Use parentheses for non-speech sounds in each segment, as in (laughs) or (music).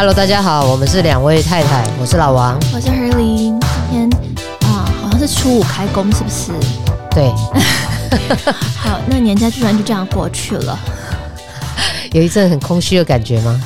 Hello，大家好，我們是兩位太太，我是老王，我是何玲。今天啊，好像是初五開工，是不是？對。 (laughs) (laughs) 好，那年假居然就這樣過去了，有一陣很空虛的感覺嗎？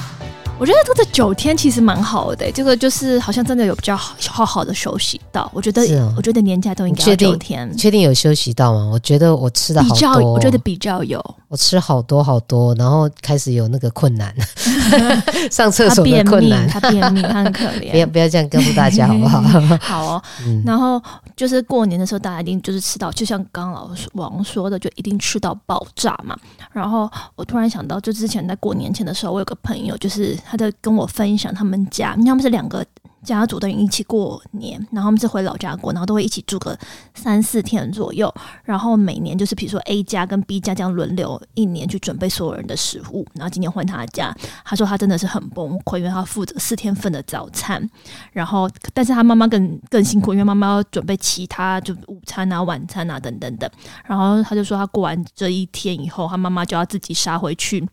(laughs) 我覺得這九天其實蠻好的欸，這個就是好像真的有比較好好的休息到。我覺得，是哦？我覺得年假都應該九天你確，確定有休息到嗎？我覺得我吃的比較多，我覺得比較有，我吃好多好多，然後開始有那個困難。 (laughs) (laughs) 上廁所的困難，他便，他便秘，他很可憐。 (laughs) 不要不要這樣告訴大家好不好？ (laughs) 好哦。 (laughs) 嗯，然後就是過年的時候，大家一定就是吃到，就像剛剛老王說的，就一定吃到爆炸嘛。然後我突然想到，就之前在過年前的時候，我有個朋友，就是他在跟我分享他們家，因為他們是兩個。家族的人一起過年，然後他們是回老家過，然後都會一起住個三四天左右。然後每年就是比如說 A 家跟 B 家這樣輪流一年去準備所有人的食物，然後今年換他家。他說他真的是很崩潰，因為他負責四天份的早餐，然後但是他媽媽更更辛苦，因為媽媽要準備其他就午餐啊、晚餐啊等等等。然後他就說他過完這一天以後，他媽媽就要自己殺回去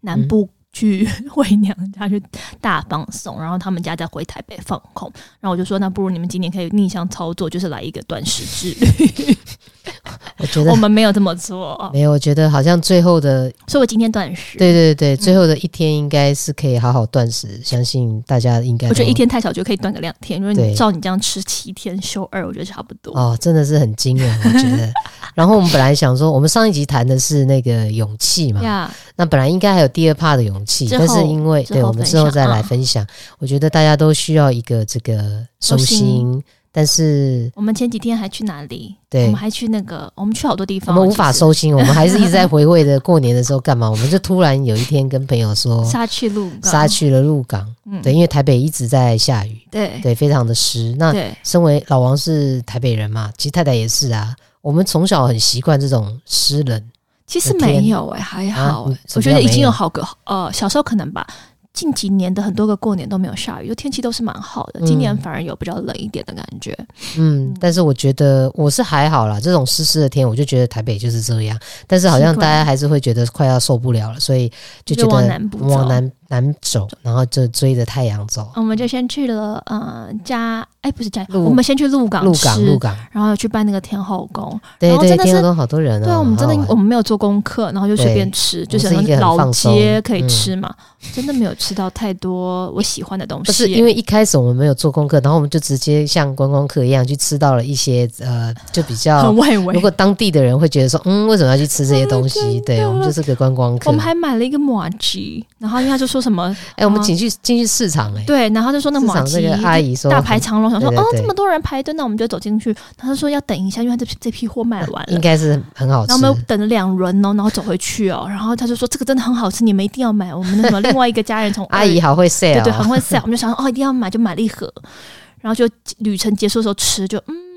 南部。去回娘家去大放送，然後他們家再回台北放空。然後我就說，那不如你們今年可以逆向操作，就是來一個斷食制。 (laughs) 我覺得我們沒有這麼做，沒有。我覺得好像最後的，所以我今天斷食。對對對，最後的一天應該是可以好好斷食，相信大家應該。我覺得一天太少，就可以斷個兩天。因為你照你這樣吃七天休二，我覺得差不多。哦，真的是很驚人，我覺得。然後我們本來想說，我們上一集談的是那個勇氣嘛，那本來應該還有第二 part 的勇氣，但是因為對，我們之後再來分享。我覺得大家都需要一個這個收心。但是我們前幾天還去哪裡？對，我們還去那個，我們去好多地方，啊。我們無法收心，我們還是一直在回味著過年的時候幹嘛？我們就突然有一天跟朋友說，殺去鹿港，殺去了鹿港。嗯，對，因為台北一直在下雨，對對，非常的濕。那對身為老王是台北人嘛，其實太太也是啊，我們從小很習慣這種濕冷。其實沒有哎、欸，還好、欸，啊、我覺得已經有好個呃小時候可能吧。近幾年的很多個過年都沒有下雨，就天氣都是蠻好的。今年反而有比較冷一點的感覺。嗯，嗯，但是我覺得我是還好啦。這種濕濕的天，我就覺得台北就是這樣。但是好像大家還是會覺得快要受不了了，瓜所以就覺得往南不。難走，然後就追着太陽走。我們就先去了，呃，家，哎，不是家，我們先去鹿港，鹿港，鹿港，然後去拜那個天後宮。對，真的是好多人啊。對我們真的，我們沒有做功課，然後就隨便吃，就是什麼老街可以吃嘛，真的沒有吃到太多我喜歡的東西。不是因為一開始我們沒有做功課，然後我們就直接像觀光客一樣去吃到了一些，呃，就比較如果當地的人會覺得說，嗯，為什麼要去吃這些東西？對我們就是個觀光客。我們還買了一個麻糬，然後因為他就說。說什麼？哎誒，後我們進去進去市場哎，對，然後就說那個阿姨大排長龍，對對對，想說哦，這麼多人排隊，那我們就走進去。他就說要等一下，因為他這批這批貨賣完了、呃，應該是很好吃。然後我們等了兩輪哦，然後走回去哦，然後他就說這個真的很好吃，你們一定要買。我們那個另外一個家人從 ry, (laughs) 阿姨好會 sell，對對，很會 sell, sell，我們就想說哦，一定要買，就買了一盒。然後就旅程結束的時候吃，就嗯。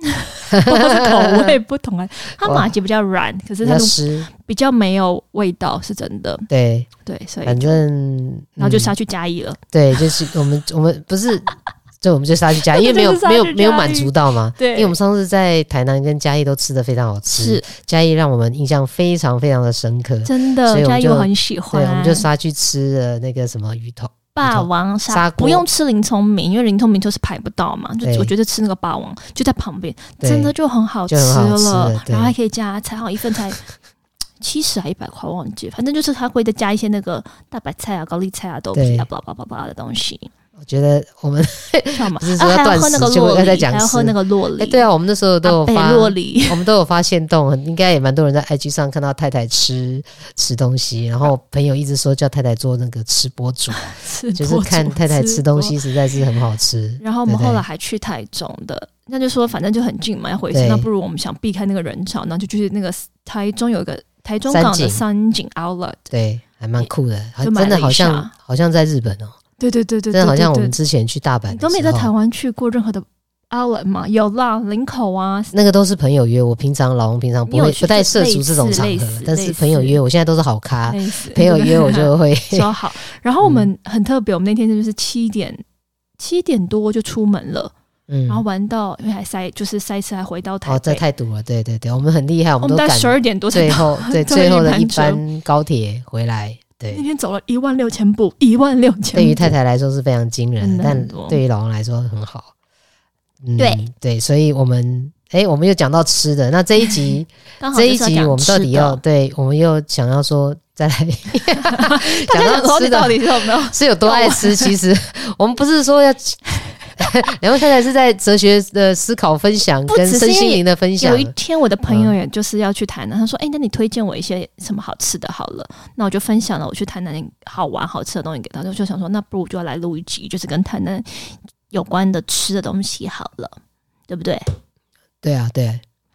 口味不同啊，它馬吉比較軟，可是它是比較沒有味道，是真的。對對，所以反正然後就殺去嘉義了。對，就是我們我們不是，就我們就殺去嘉義，因為沒有沒有沒有滿足到嘛。對，因為我們上次在台南跟嘉義都吃得非常好吃，嘉義讓我們印象非常非常的深刻，真的。所以我們就很喜歡，對，我們就殺去吃了那個什麼魚頭。霸王砂鍋，不用吃林聰明，因為林聰明就是排不到嘛。對就我覺得吃那個霸王就在旁邊，真的就很好吃了。吃了然後還可以加菜，好像一份才七十還一百塊，忘記。反正就是他會再加一些那個大白菜啊、高麗菜啊、豆皮啊、巴拉巴拉巴拉的東西。我覺得我們只是說要喝那個，就要那個對啊，我們那時候都有發酪梨，我們都有發限動，應該也蠻多人在 IG 上看到太太吃吃東西。然後朋友一直說叫太太做那個吃播主，就是看太太吃東西，實在是很好吃。然後我們後來還去台中的，那就說反正就很近嘛，要回去。那不如我們想避開那個人潮，那就去那個台中有一個台中港的三井 Outlet，對，還蠻酷的，真的好像好像在日本哦。對對對對，但好像我們之前去大阪都沒在台灣去過任何的 Allen 嘛？有啦，林口啊，那個都是朋友約。我平常老公平常不會去不太涉足這種場合，但是朋友約，我現在都是好咖。似朋友約我就會、嗯、說好。然後我們很特別，我們那天就是七點七點多就出門了，嗯，然後玩到因為還塞，就是塞車還回到台北、哦。這太堵了。對對對，我們很厲害，我們都趕十二點多最後對,對最後的一班高鐵回來。對，那天走了一萬六千步，一萬六千步對於太太來說是非常驚人，但對於老王來說很好。嗯、對對，所以我們哎，我們又講到吃的，那這一集這一集我們到底要？的對我們又想要說再來 (laughs) 講到吃的 (laughs) 到底有沒有？是有多愛吃？ (laughs) 其實我們不是說要。兩 (laughs) 位太太是在哲學的思考分享，跟身心靈的分享。有一天，我的朋友也就是要去台南，嗯、他說：“哎、欸，那你推薦我一些什麼好吃的？好了，那我就分享了，我去台南好玩、好吃的東西給他。我就想說，那不如就要來錄一集，就是跟台南有關的吃的東西好了，對不對？對啊，對，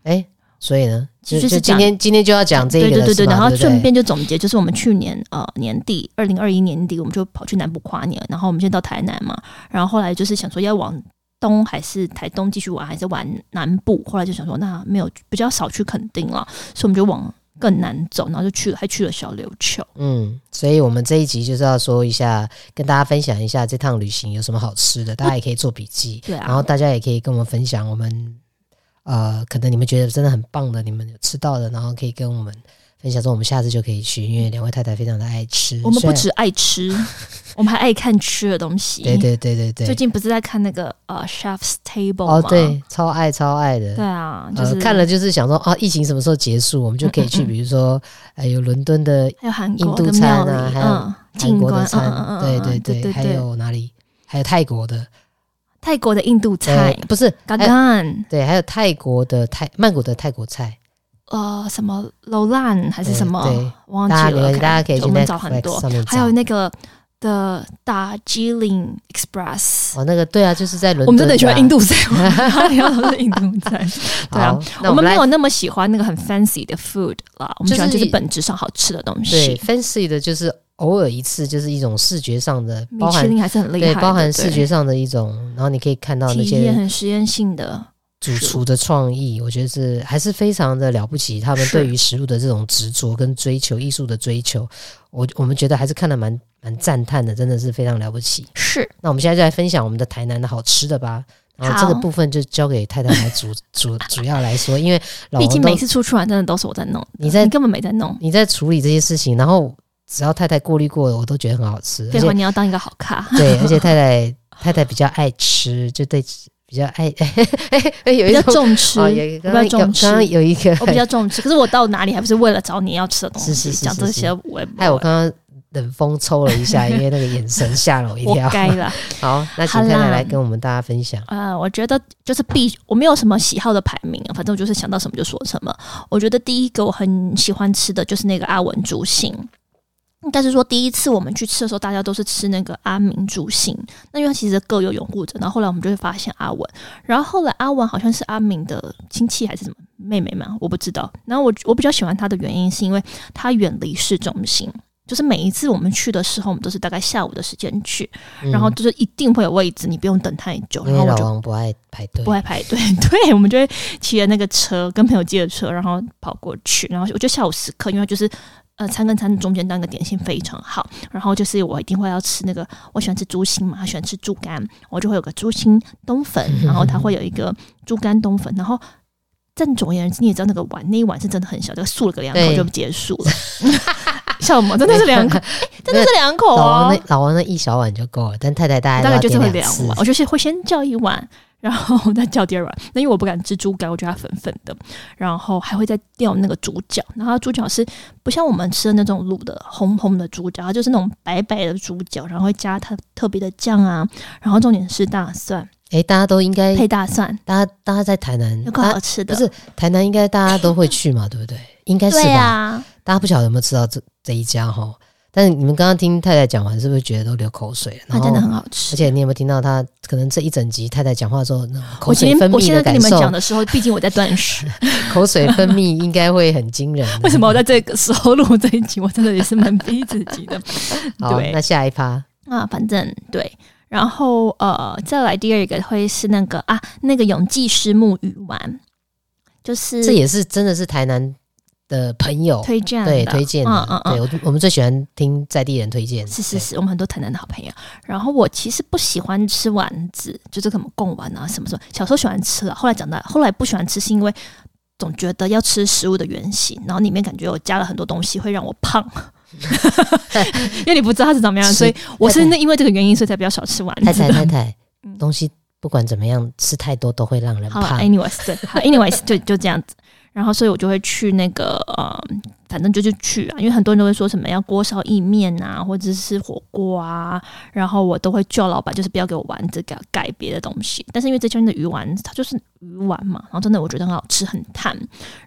哎、欸。”所以呢，就是今天是今天就要講這一個，對，對對對對。嗎？然後順便就總結，就是我們去年呃年底，二零二一年底，我們就跑去南部跨年，然後我們先到台南嘛，然後後來就是想說要往東還是台東繼續玩，還是玩南部，後來就想說那沒有比較少去墾丁了，所以我們就往更南走，然後就去了，還去了小琉球。嗯，所以我們這一集就是要說一下，跟大家分享一下這趟旅行有什麼好吃的，大家也可以做筆記，對啊，然後大家也可以跟我們分享我們。呃，可能你們覺得真的很棒的，你們有吃到的，然後可以跟我們分享說，我們下次就可以去，因為兩位太太非常的愛吃。我們不止愛吃， (laughs) 我們還愛看吃的東西。對對對對對。最近不是在看那個呃、uh,，Chef's Table 嗎？哦，對，超愛超愛的。對啊，就是、呃、看了就是想說，啊、哦，疫情什麼時候結束，我們就可以去，嗯嗯嗯，比如說，還、哎、有倫敦的，還有韓國的印度餐啊，還有韓國，國的餐，嗯、對，對對對，還有哪裡？還有泰國的。泰國的印度菜不是，對，還有泰國的泰曼谷的泰國菜，呃，什麼 Lolan 還是什麼，我忘記了。大家可以去找很多，還有那個的 Darjeeling Express，哦，那個對啊，就是在倫敦。我們真的喜歡印度菜，聊都是印度菜。對啊，我們沒有那麼喜歡那個很 fancy 的 food 了，我們喜歡就是本質上好吃的東西。對，fancy 的就是。偶爾一次就是一種視覺上的，包含米其林還是很厲害的。對，包含視覺上的一種，對然後你可以看到那些很實驗性的主廚的創意，我覺得是還是非常的了不起。是他們對於食物的這種執着跟追求藝術的追求，我我們覺得還是看得蠻蠻讚嘆的，真的是非常了不起。是，那我們現在就來分享我們的台南的好吃的吧。然後這個部分就交給太太來主好主主要來說，因為畢竟每次出去玩真的都是我在弄，你在、嗯、你根本沒在弄，你在處理這些事情，然後。只要太太過濾過了，我都覺得很好吃。廢話，你要當一個好咖。對，而且太太太太比較愛吃，就對比較愛，比較重吃，比較重吃。剛剛、哦、有，有，有一個，我比較重吃，可是我到哪裡還不是為了找你要吃的東西？講這些我會不會，我哎，我剛剛冷風抽了一下，因為那個眼神嚇了我一跳。該 (laughs) 了。好，那今天來，啦來跟我們大家分享。啊、呃，我覺得就是必，我沒有什麼喜好的排名，反正我就是想到什麼就說什麼。我覺得第一個我很喜歡吃的就是那個阿文豬心。但是說，第一次我們去吃的時候，大家都是吃那個阿明豬心。那因為其實各有擁護者，然後後來我們就會發現阿文。然後後來阿文好像是阿明的親戚還是什麼妹妹嘛，我不知道。然後我我比較喜歡他的原因是因為他遠離市中心，就是每一次我們去的時候，我們都是大概下午的時間去，嗯、然後就是一定會有位置，你不用等太久。嗯、然後我就老王不愛排隊，不愛排隊， (laughs) 對我們就會騎着那個車，跟朋友借着車，然後跑過去。然後我覺得下午時刻，因為就是。呃，餐跟餐的中間當個點心非常好。然後就是我一定會要吃那個，我喜歡吃豬心嘛，他喜歡吃豬肝，我就會有個豬心冬粉，然後他會有一個豬肝冬粉。嗯、哼然後正總而言之，你也知道那個碗，那一碗是真的很小，就漱了個兩口就結束了。對笑什麼？真的是兩口，真的是兩口，欸，真的是兩口哦。老王那老王那一小碗就夠了，但太太大概大概就這麼兩碗，我就是會先叫一碗，然後再叫第二碗，那因為我不敢吃豬肝，我覺得它粉粉的。然後還會再掉那個豬腳，然後豬腳是不像我們吃的那種滷的紅紅的豬腳，就是那種白白的豬腳，然後會加它特別的醬啊，然後重點是大蒜。哎、欸，大家都應該配大蒜，大家大家在台南有個好吃的，啊、不是台南應該大家都會去嘛， (laughs) 對不對？應該是吧？啊、大家不曉得有沒有吃到這這一家哈、哦？但是你們剛剛聽太太講完，是不是覺得都流口水了？它、啊、真的很好吃，而且你有沒有聽到他可能這一整集太太講話的時候，那種口水分泌的感受，我現在跟你們講的時候， (laughs) 畢竟我在斷食， (laughs) 口水分泌應該會很驚人。為什麼我在這個時候錄這一集？我真的也是蠻逼自己的。 (laughs) 對好，那下一趴啊，反正對，然後呃，再來第二個會是那個啊，那個永記虱目魚丸，就是這也是真的是台南。的朋友推薦，對推薦，嗯嗯嗯，對，我們最喜歡聽在地人推薦，是是是，我們很多台南的好朋友。然後我其實不喜歡吃丸子，就是什麼貢丸啊什麼什麼，小時候喜歡吃了，後來長大後來不喜歡吃，是因為總覺得要吃食物的原型，然後裡面感覺我加了很多東西，會讓我胖。因為你不知道它是怎麼樣，所以我是那因為這個原因，所以才比較少吃丸子。太太，東西不管怎麼樣，吃太多都會讓人胖。Anyways，對，Anyways，就就這樣子。然後，所以我就會去那個呃。反正就去啊，因為很多人都會說什麼要鍋燒意麵啊，或者是火鍋啊，然後我都會叫老板就是不要給我丸子，給他改別的東西。但是因為這家的魚丸，它就是魚丸嘛，然後真的我覺得很好吃，很彈。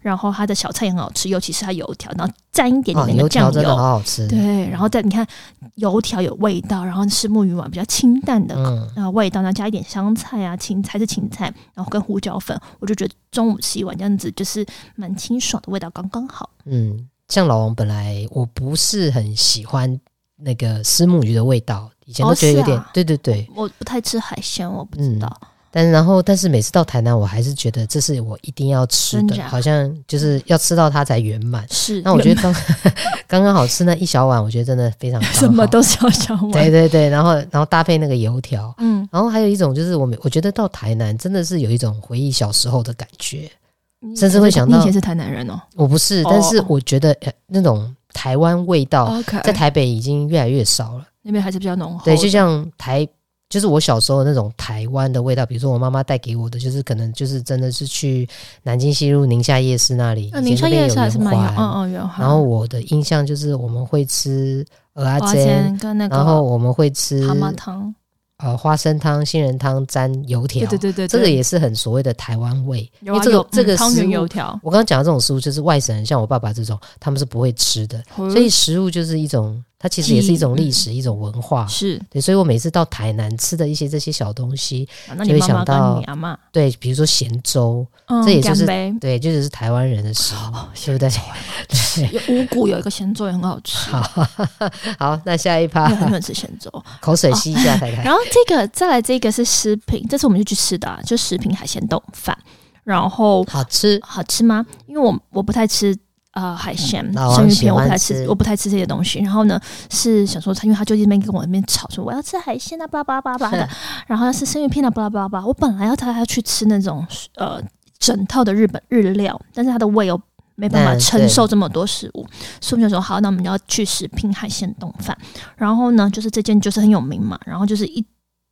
然後它的小菜也很好吃，尤其是它油條，然後沾一點點那個醬油，哦、油條真的好好吃。對，然後再你看油條有味道，然後是木魚丸比較清淡的那味道，嗯、然後加一點香菜啊、青菜是青菜，然後跟胡椒粉，我就覺得中午吃一碗這樣子就是蠻清爽的味道，剛剛好。嗯。像老王本來我不是很喜歡那個虱目魚的味道，以前都覺得有點。哦啊、對對對我，我不太吃海鮮，我不知道。嗯、但然後，但是每次到台南，我還是覺得這是我一定要吃的，的好像就是要吃到它才圓滿。是，那我覺得剛漫 (laughs) 剛剛好吃那一小碗，我覺得真的非常。好。什麼都小小碗。對對對，然後然後搭配那個油條，嗯，然後還有一種就是我們我覺得到台南真的是有一種回憶小時候的感覺。甚至會想到，你以前是台南人哦？我不是，oh. 但是我覺得、呃、那種台灣味道 Okay. 在台北已經越來越少了，那邊還是比較濃厚。對，就像台，就是我小時候那種台灣的味道，比如說我媽媽帶給我的，就是可能就是真的是去南京西路寧夏夜市那裡，寧夏，啊、夜市還是蠻有，嗯嗯有。嗯，然後我的印象就是我們會吃蚵仔煎，蚵仔煎，然後我們會吃呃、哦，花生湯、杏仁湯沾油條，對對對，對，這個也是很所謂的台灣味，啊、因為這個有這個、嗯、油條，我剛剛講的這種食物，就是外省人像我爸爸這種，他們是不會吃的，嗯、所以食物就是一種。它其實也是一種歷史，一種文化，是。所以我每次到台南吃的一些這些小東西，你會想到，對，比如說鹹粥，這也就是對，就是台灣人的食物，是不是？有五谷有一個鹹粥也很好吃。好，那下一趴很多人吃鹹粥，口水吸一下。然後這個再來，這個是十平，這次我們就去吃的，就十平海鮮丼飯，然後好吃好吃嗎？因為我我不太吃。呃，海鮮、生魚片，我不太吃，吃我不太吃這些東西。然後呢，是想說他，因為他就那邊跟我那邊吵，說我要吃海鮮啊，巴拉巴拉巴拉的。嗯、然後是生魚片啊，巴拉巴拉巴拉。我本來要帶他去吃那種呃整套的日本日料，但是他的胃又沒辦法承受這麼多食物，嗯、所以就說好，那我們就要去十平海鮮丼飯。然後呢，就是這間就是很有名嘛，然後就是一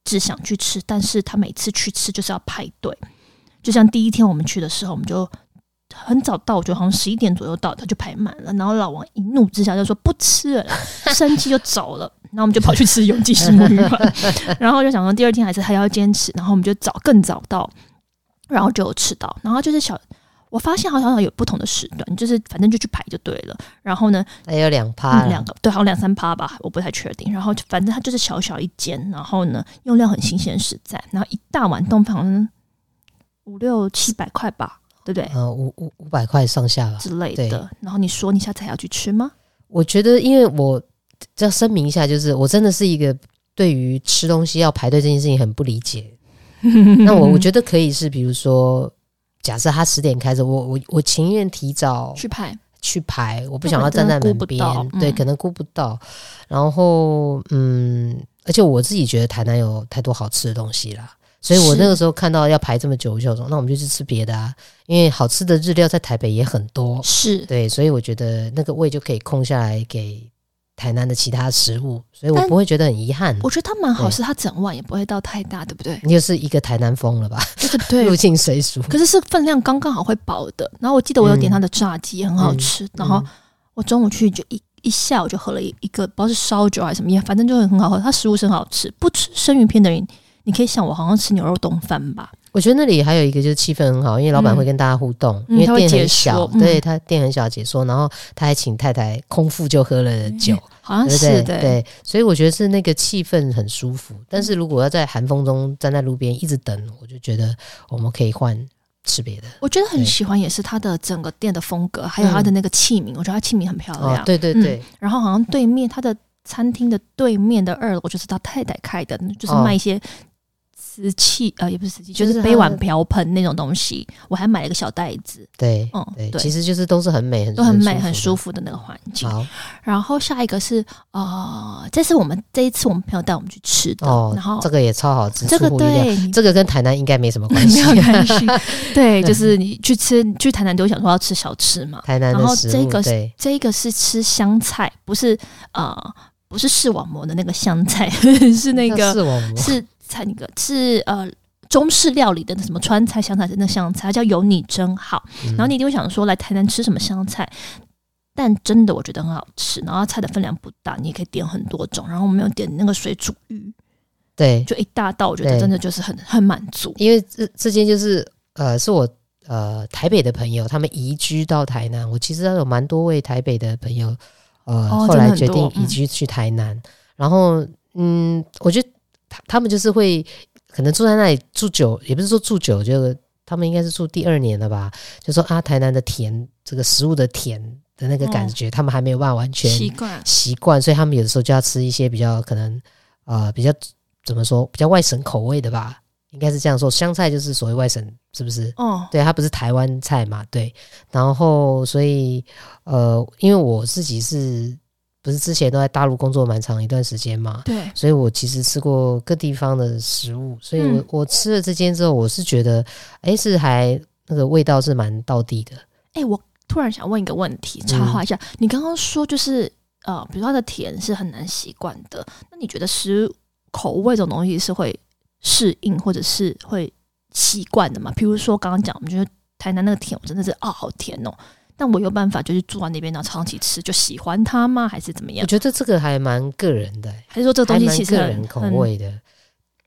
直想去吃，但是他每次去吃就是要排隊。就像第一天我們去的時候，我們就。很早到，我覺得好像十一點左右到，他就排滿了。然後老王一怒之下就說不吃了，生氣就走了。 (laughs) 然後我們就跑去吃永記虱目魚丸， (laughs) 然後就想說第二天還是還要堅持。然後我們就早更早到，然後就吃到。然後就是小，我發現好像有有不同的時段，就是反正就去排就對了。然後呢，還、哎、有兩趴、嗯，兩個對，好像兩三趴吧，我不太確定。然後反正他就是小小一間，然後呢用料很新鮮實在，然後一大碗豆腐好像五六七百塊吧。對不對？呃，五五五百塊上下吧之類的。對然後你說你下次還要去吃嗎？我覺得，因為我這要聲明一下，就是我真的是一個對於吃東西要排隊這件事情很不理解。 (laughs) 那我我覺得可以是，比如說，假設他十點開始，我我我情願提早去排去排，我不想要站在門邊，可能可能嗯、對，可能顧不到。然後，嗯，而且我自己覺得台南有太多好吃的東西了。所以我那個時候看到要排這麼久，就說是那我們就去吃別的啊，因為好吃的日料在台北也很多，是對，所以我覺得那個胃就可以空下來給台南的其他食物，所以我不會覺得很遺憾。我覺得它蠻好吃，對它整碗也不會到太大，對不對？你就是一個台南風了吧？就是對，入境隨俗。可是是分量剛剛好會飽的。然後我記得我有點它的炸雞也很好吃。嗯、然後我中午去就一一下午就喝了一個，不知道是燒酒還是什麼，反正就很很好喝。它食物是很好吃，不吃生魚片的人。你可以想我好像吃牛肉丼飯吧？我覺得那裡還有一個就是氣氛很好，因為老闆會跟大家互動，因為店很小，對他店很小、解說，然後他還請太太空腹就喝了酒，好像是對，所以我覺得是那個氣氛很舒服。但是如果要在寒風中站在路邊一直等，我就覺得我們可以換吃別的。我覺得很喜歡，也是他的整個店的風格，還有他的那個器皿，我覺得他器皿很漂亮。對對對，然後好像對面他的餐廳的對面的二樓，就是他太太開的，就是賣一些。瓷器啊，也不是瓷器，就是杯碗瓢盆那種東西。我還買了一個小袋子。對，嗯，對，其實就是都是很美，都很美，很舒服的那個環境。然後下一個是，呃，這是我們這一次我們朋友帶我們去吃的。然後這個也超好吃，這個對，這個跟台南應該沒什麼關係。對，就是你去吃去台南，就想說要吃小吃嘛。台南的食物。然後這個這個是吃湘菜，不是啊，不是視網膜的那個湘菜，是那個視網膜是。菜那個是呃中式料理的那什麼川菜、湘菜，那個湘菜它叫有你真好。然後那天我想說來台南吃什麼湘菜，嗯、但真的我覺得很好吃。然後菜的分量不大，你也可以點很多種。然後我們又點那個水煮魚，對，就一大道，我覺得真的就是很對很滿足。因為這這間就是呃是我呃台北的朋友，他們移居到台南。我其實有蠻多位台北的朋友，呃、哦、真的很多後來決定移居去台南。嗯、然後嗯，我覺得。他們就是會，可能住在那裡住久，也不是說住久，就他們應該是住第二年了吧。就說啊，台南的甜，這個食物的甜的那個感覺，哦、他們還沒有辦法完全習慣，習慣，所以他們有的時候就要吃一些比較可能，呃，比較怎麼說，比較外省口味的吧，應該是這樣說。湘菜，就是所謂外省，是不是？哦，對，它不是台灣菜嘛，對。然後，所以，呃，因為我自己是。不是之前都在大陸工作蠻長一段時間嘛？對，所以我其實吃過各地方的食物，所以我、嗯、我吃了這間之後，我是覺得，哎、欸，是還那個味道是蠻道地的。哎、欸，我突然想問一個問題，插話一下，嗯、你剛剛說就是呃，比如說它的甜是很難習慣的，那你覺得食物口味這種東西是會適應或者是會習慣的嗎？譬如說剛剛講，我們覺得台南那個甜，我真的是啊、哦，好甜哦。那我有辦法，就是住在那邊，然後長期吃，就喜歡它嗎？還是怎麼樣？我覺得這個還蠻個人的、欸，還是說這個東西是個人口味的。嗯、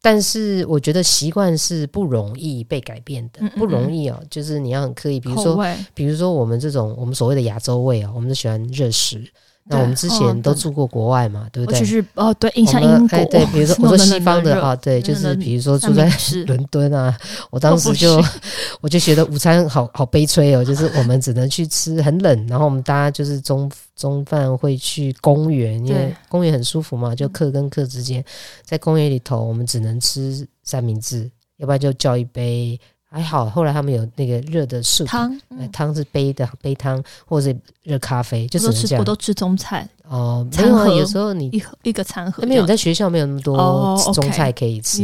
但是我覺得習慣是不容易被改變的，嗯嗯嗯，不容易哦、喔。就是你要很刻意，比如說，味比如說我們這種我們所謂的亞洲味啊、喔，我們都喜歡熱食。那我們之前都住過國外嘛，對，對不對？就是哦，對，印象英國，欸，對，比如說我說西方的能能能，啊，對，就是比如說住在倫敦啊，能能能，我當時就我就覺得午餐好好悲催哦，就是我們只能去吃 (laughs) 很冷，然後我們大家就是中中飯會去公園，因為公園很舒服嘛，就客跟客之間在公園裡頭，我們只能吃三明治，要不然就叫一杯。還好，後來他們有那個熱的素湯，那湯是杯的杯湯，或者是熱咖啡，就只能這樣。我都吃中菜哦，餐盒有時候你一一個餐盒。沒有，在學校沒有那麼多中菜可以吃，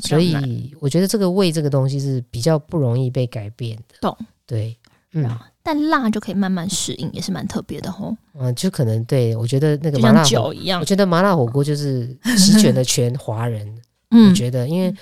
所以我覺得這個胃這個東西是比較不容易被改變的。懂，對，嗯，但辣就可以慢慢適應，也是蠻特別的吼。嗯，就可能對，我覺得那個麻辣，我覺得麻辣火鍋就是席捲了全華人。嗯，我覺得因為。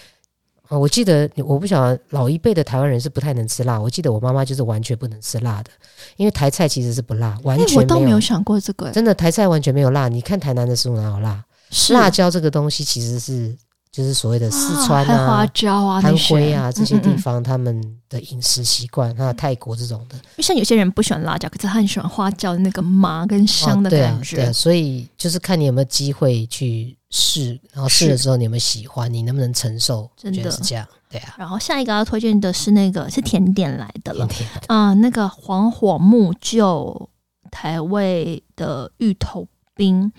啊、哦，我記得，我不曉得老一輩的台灣人是不太能吃辣。我記得我媽媽就是完全不能吃辣的，因為台菜其實是不辣，完全沒有。哎，我都沒有想過這個、欸。真的，台菜完全沒有辣。你看台南的時候哪有辣，是辣椒這個東西其實是就是所謂的四川啊、花椒啊、安徽啊這些，嗯嗯嗯這些地方他們的飲食習慣，還有、嗯嗯、泰國這種的。像有些人不喜歡辣椒，可是他很喜歡花椒的那個麻跟香的感覺。啊、對、啊對啊、所以就是看你有沒有機會去。試，然後試了之後，你們喜歡，是你能不能承受？真的是這樣，對啊。然後下一個要推薦的是那個是甜點來的了，啊 Okay.、呃，那個黃火木舊台味的芋頭冰。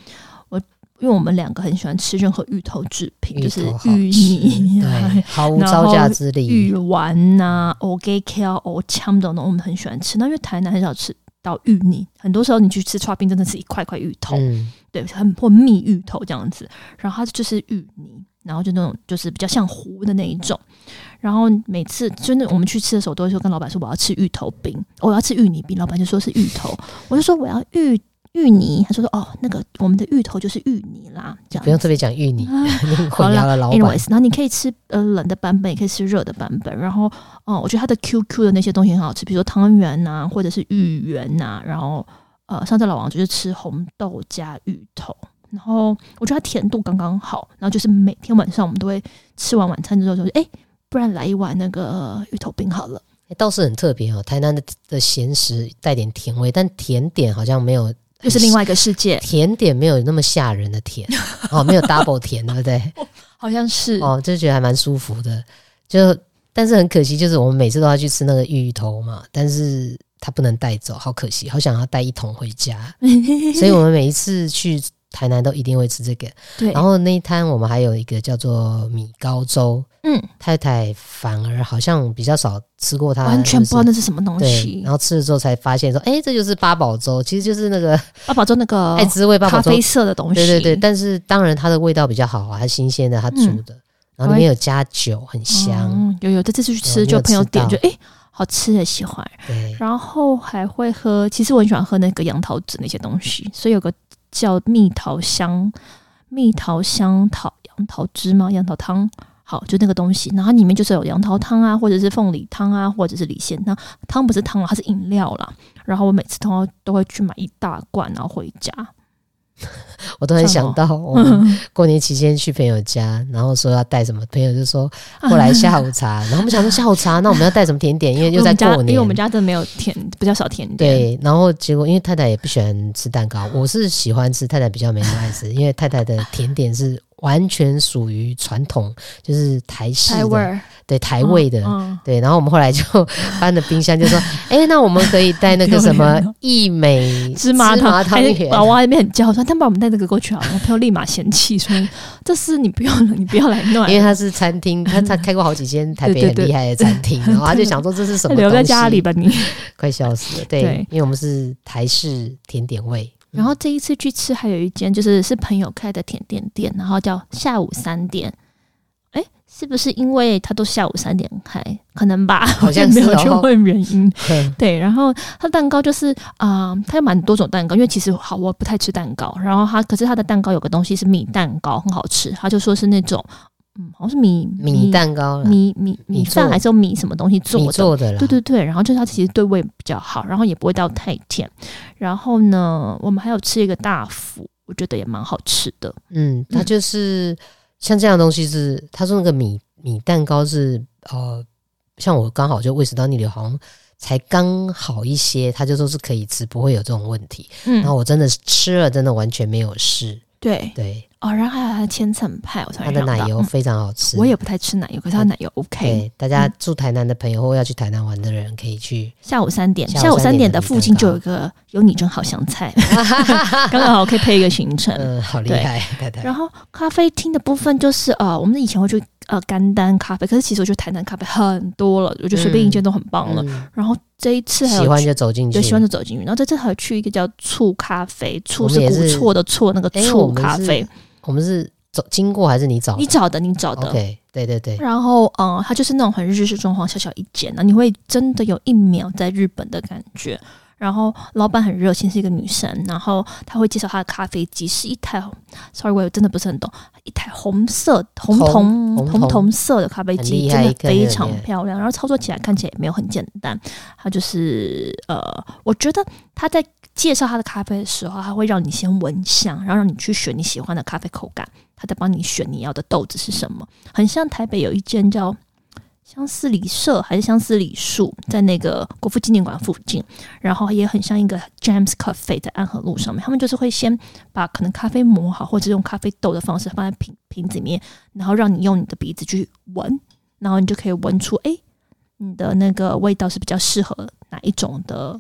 我因為我們兩個很喜歡吃任何芋頭製品，就是芋泥，對，毫無招架之力，芋丸吶，OKK，O 槍等等，哦哦、我們很喜歡吃，那因為台南很少吃。到芋泥，很多時候你去吃刨冰，真的是一塊塊芋頭，嗯、對，很或蜜芋頭這樣子。然後它就是芋泥，然後就那種就是比較像糊的那一種。然後每次真的我們去吃的時候，都會說跟老板說我要吃芋頭冰，我要吃芋泥冰，老板就說是芋頭， (laughs) 我就說我要芋。芋泥，他說，說哦，那個我們的芋頭就是芋泥啦，這樣不用特別講芋泥，好了。Anyways，然後你可以吃呃冷的版本， (laughs) 也可以吃熱的版本。然後哦，我覺得它的 QQ 的那些東西很好吃，比如說湯圓吶、啊，或者是芋圓吶、啊。然後呃，上次老王就是吃紅豆加芋頭，然後我覺得它甜度剛剛好。然後就是每天晚上我們都會吃完晚餐之後，就是哎，不然來一碗那個芋頭冰好了、欸。倒是很特別哦，台南的的鹹食帶點甜味，但甜點好像沒有。又是另外一個世界，甜點沒有那麼嚇人的甜 (laughs) 哦，沒有 double 甜，對不對？好像是哦，就覺得還蠻舒服的。就但是很可惜，就是我們每次都要去吃那個芋頭嘛，但是它不能帶走，好可惜，好想要帶一桶回家。 (laughs) 所以我們每一次去。台南都一定會吃這個，對。然後那一攤我們還有一個叫做米糕粥，嗯，太太反而好像比較少吃過它，完全不知道那是什麼東西。然後吃了之後才發現說，哎，這就是八寶粥，其實就是那個八寶粥那個哎，滋味八寶粥，咖啡色的東西，對對對。但是當然它的味道比較好啊，它新鮮的，它煮的，然後裡面有加酒，很香。有有的這次去吃，就朋友點就哎好吃也喜歡。然後還會喝，其實我很喜歡喝那個楊桃子那些東西，所以有個。叫蜜桃香，蜜桃香桃，楊桃汁嗎？楊桃湯。好，就那個東西。然後它裡面就是有楊桃湯啊，或者是鳳梨湯啊，或者是李鮮湯。湯不是湯啊，它是飲料啦。然後我每次都要都會去買一大罐，然後回家。 (laughs) 我突然想到，我們過年期間去朋友家，然後說要帶什麼，朋友就說，過來下午茶，然後我們想說下午茶，那我們要帶什麼甜點？因為又在過年，因為我們家都沒有甜，比較少甜點。對，然後結果因為太太也不喜歡吃蛋糕，我是喜歡吃，太太比較沒那麼愛吃，因為太太的甜點是。完全屬於傳統，就是台式台味，對台味的，哦哦、對。然後我們後來就搬了冰箱，就說：“哎、嗯，那我們可以帶那個什麼義美芝麻湯圓寶寶娃，娃那邊很焦，說：“他們把我們帶那個過去啊！”我朋友立馬嫌棄說：“這是你不要，你不要來弄。”因為他是餐廳，他他開過好幾間台北很厲害的餐廳，嗯、對對對，然後他就想說：“這是什麼東西留在家裡吧？”你 (laughs) 快笑死了，對，對，因為我們是台式甜點味。然後這一次去吃還有一間就是是朋友開的甜點店，然後叫下午三點，哎，是不是因為他都下午三點開？可能吧，好像、哦、沒有去問原因。嗯、對，然後他蛋糕就是啊，他、呃、有蠻多種蛋糕，因為其實好，我不太吃蛋糕。然後他可是他的蛋糕有個東西是米蛋糕，很好吃。他就說是那種。嗯，好像是米米，米蛋糕米，米米米飯做還是米什麼東西做的？米做的。對對對，然後就是它其實對胃比較好，然後也不會到太甜。然後呢，我們還有吃一個大福，我覺得也蠻好吃的。嗯，它就是像這樣的東西是，他說那個米米蛋糕是呃，像我剛好就胃食道逆流，好像才剛好一些，他就說是可以吃，不會有這種問題。嗯，然後我真的吃了，真的完全沒有事。對對。對然後還有他的千層派，他的奶油非常好吃。我也不太吃奶油，可是他奶油 OK。大家住台南的朋友或要去台南玩的人，可以去下午三點，下午三點的附近就有一個有你真好湘菜，剛剛好可以配一個行程。嗯，好厲害。然後咖啡廳的部分就是呃，我們以前會去呃甘丹咖啡，可是其實我覺得台南咖啡很多了，我覺得隨便一間都很棒了。然後這一次還有喜歡就走進去，就喜歡就走進去。然後在這還去一個叫厝咖啡，厝是古厝的厝，那個厝咖啡。我們是走經過還是你找的？你找的，你找的。Okay, 對對對。然後，嗯、呃，它就是那種很日式裝潢，小小一間呢，你會真的有一秒在日本的感覺。然後，老闆很熱情，是一個女生。然後，他會介紹他的咖啡機是一台，sorry，我真的不是很懂，一台紅色、紅銅、紅銅色的咖啡機，真的非常漂亮。然後操作起來看起來也沒有很簡單。他就是，呃，我覺得他在。介紹他的咖啡的時候，他會讓你先聞香，然後讓你去選你喜歡的咖啡口感，他再幫你選你要的豆子是什麼。很像台北有一間叫相思李舍還是相思李樹，在那個國父紀念館附近，然後也很像一個 James 咖啡在安和路上面。他們就是會先把可能咖啡磨好，或者用咖啡豆的方式放在瓶瓶子裡面，然後讓你用你的鼻子去聞，然後你就可以聞出哎，你的那個味道是比較適合哪一種的。